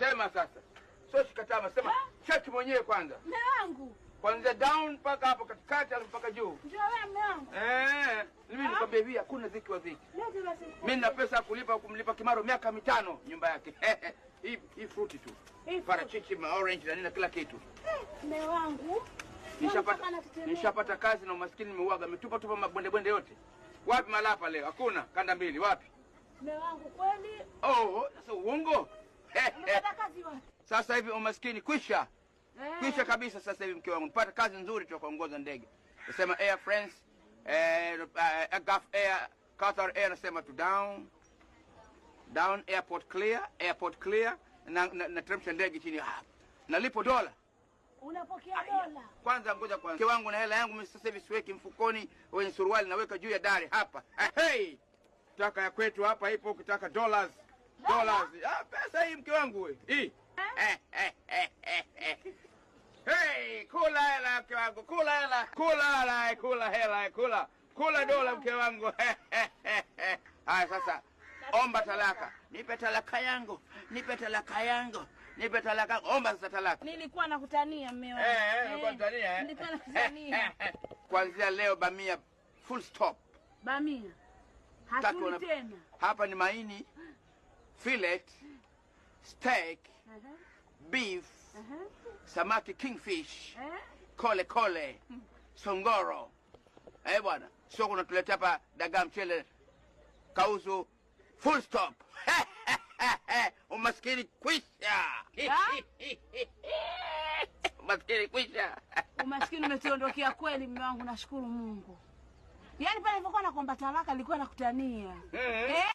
Sema sasa, sio shikataba, sema cheki mwenyewe kwanza. Mume wangu kwanza down mpaka hapo katikati, alafu mpaka juu. Ndio wewe mume wangu eh? Mimi nikwambia hivi, hakuna dhiki wa dhiki. Mimi nina pesa ya kulipa kumlipa Kimaro miaka mitano nyumba yake hii hii fruit tu, parachichi, ma orange na nina kila kitu. Eh, mume wangu nishapata nishapata kazi na umaskini nimeuaga, ametupa tupa mabonde bonde yote. Wapi malapa leo? Hakuna kanda mbili, wapi mume wangu kweli? Oh, oh sasa uongo sasa hivi umaskini kwisha eh. kwisha kabisa. Sasa hivi mke wangu nipata kazi nzuri tu kuongoza ndege, nasema Air France eh, uh, Gulf Air, Qatar Air, nasema tu down down, airport clear, airport clear, na nateremsha na ndege chini hapa, ah, nalipo dola Unapokea dola. Kwanza ngoja kwanza. Mke wangu na hela yangu mimi sasa hivi siweki mfukoni wenye suruali naweka juu ya dari hapa. Hey! Taka ya kwetu hapa ipo ukitaka dollars. Dollars. Ah, pesa hii mke wangu wewe. Hii. Hey, kula hela mke wangu, kula hela, kula hela, eh, kula hela, eh, kula kula dola mke wangu. Haya sasa, omba talaka, nipe talaka yangu, nipe talaka yangu nipe talaka, omba sasa talaka. Nilikuwa nakutania mume wangu. Eh, eh, nilikuwa nakutania. Nilikuwa nakutania. Kuanzia leo bamia full stop. Bamia. Hatuli tena. Hapa ni maini fillet steak, uh -huh. beef, uh -huh. samaki kingfish, uh -huh. kole kole, songoro. Eh, bwana, sio kunatuletea hapa dagaa, mchele, kauzu, full stop. Umaskini kwisha. Umaskini kwisha. Umaskini umetiondokea kweli, mume wangu, nashukuru Mungu. Yaani pale nilipokuwa nakuomba talaka nilikuwa nakutania. Mm-hmm. Eh?